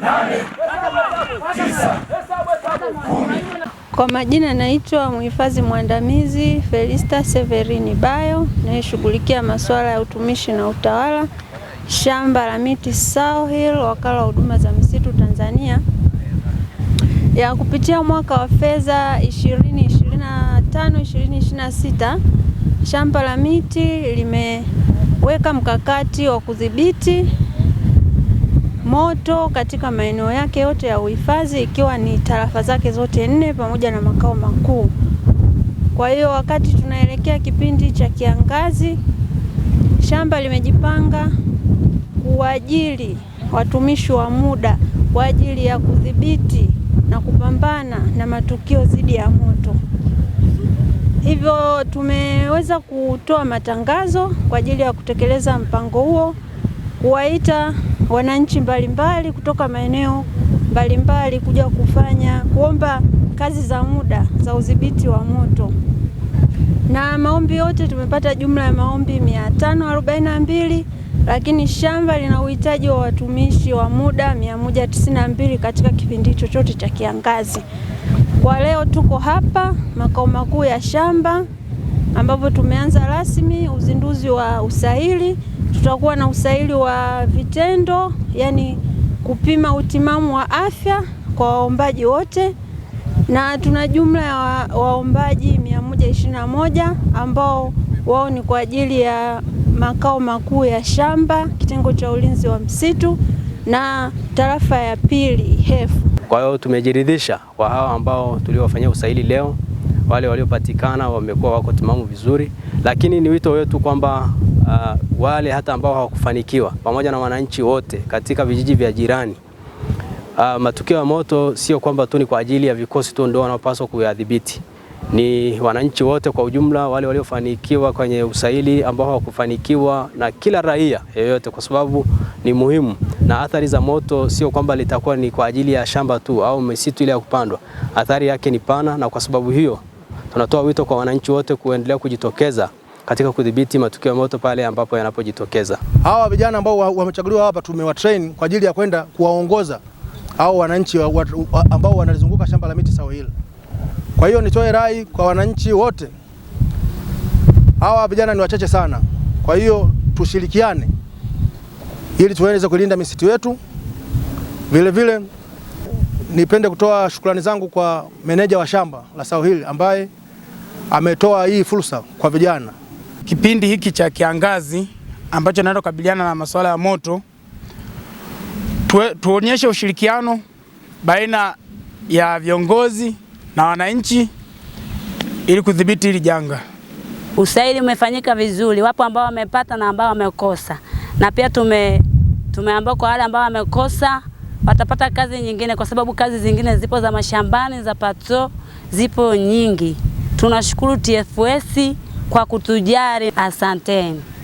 nane, tisa, kumi. Kwa majina naitwa mhifadhi mwandamizi Felista Severini Bayo, nayeshughulikia masuala ya utumishi na utawala, shamba la miti Sao Hill, wakala wa huduma za misitu Tanzania. Ya kupitia mwaka wa fedha 2025/2026 shamba la miti limeweka mkakati wa kudhibiti moto katika maeneo yake yote ya uhifadhi ikiwa ni tarafa zake zote nne pamoja na makao makuu. Kwa hiyo wakati tunaelekea kipindi cha kiangazi, shamba limejipanga kuajiri watumishi wa muda kwa ajili ya kudhibiti na kupambana na matukio dhidi ya moto. Hivyo tumeweza kutoa matangazo kwa ajili ya kutekeleza mpango huo kuwaita wananchi mbalimbali kutoka maeneo mbalimbali kuja kufanya kuomba kazi za muda za udhibiti wa moto, na maombi yote tumepata jumla ya maombi 542 lakini shamba lina uhitaji wa watumishi wa muda 192 katika kipindi chochote cha kiangazi. Kwa leo tuko hapa makao makuu ya shamba ambapo tumeanza rasmi uzinduzi wa usaili tutakuwa na usaili wa vitendo, yani kupima utimamu wa afya kwa waombaji wote, na tuna jumla ya waombaji 121 ambao wao ni kwa ajili ya makao makuu ya shamba, kitengo cha ulinzi wa msitu na tarafa ya pili Hefu. Kwa hiyo tumejiridhisha kwa hao ambao tuliowafanyia usaili leo pale waliopatikana wamekuwa wako timamu vizuri, lakini ni wito wetu kwamba uh, wale hata ambao hawakufanikiwa pamoja na wananchi wote katika vijiji vya jirani uh, matukio ya moto sio kwamba tu ni kwa ajili ya vikosi tu ndio wanaopaswa kuyadhibiti, ni wananchi wote kwa ujumla, wale waliofanikiwa kwenye usaili, ambao hawakufanikiwa, na kila raia yeyote, kwa sababu ni muhimu na athari za moto sio kwamba litakuwa ni kwa ajili ya shamba tu au misitu ile ya kupandwa. Athari yake ni pana, na kwa sababu hiyo Tunatoa wito kwa wananchi wote kuendelea kujitokeza katika kudhibiti matukio ya moto pale ambapo yanapojitokeza. Hawa vijana ambao wamechaguliwa hapa tumewatrain kwa ajili ya kwenda kuwaongoza hao wananchi wa, wa, ambao wanalizunguka shamba la miti sawa hili. Kwa hiyo nitoe rai kwa wananchi wote, hawa vijana ni wachache sana, kwa hiyo tushirikiane ili tuweze kulinda misitu yetu. Vilevile nipende kutoa shukrani zangu kwa meneja wa shamba la sawa hili ambaye ametoa hii fursa kwa vijana kipindi hiki cha kiangazi ambacho naenda kukabiliana na masuala ya moto tuonyeshe ushirikiano baina ya viongozi na wananchi ili kudhibiti hili janga. Usaili umefanyika vizuri, wapo ambao wamepata na ambao wamekosa, na pia tume tumeambia kwa wale ambao wamekosa watapata kazi nyingine, kwa sababu kazi zingine zipo za mashambani, za pato zipo nyingi. Tunashukuru TFS kwa kutujali, asanteni.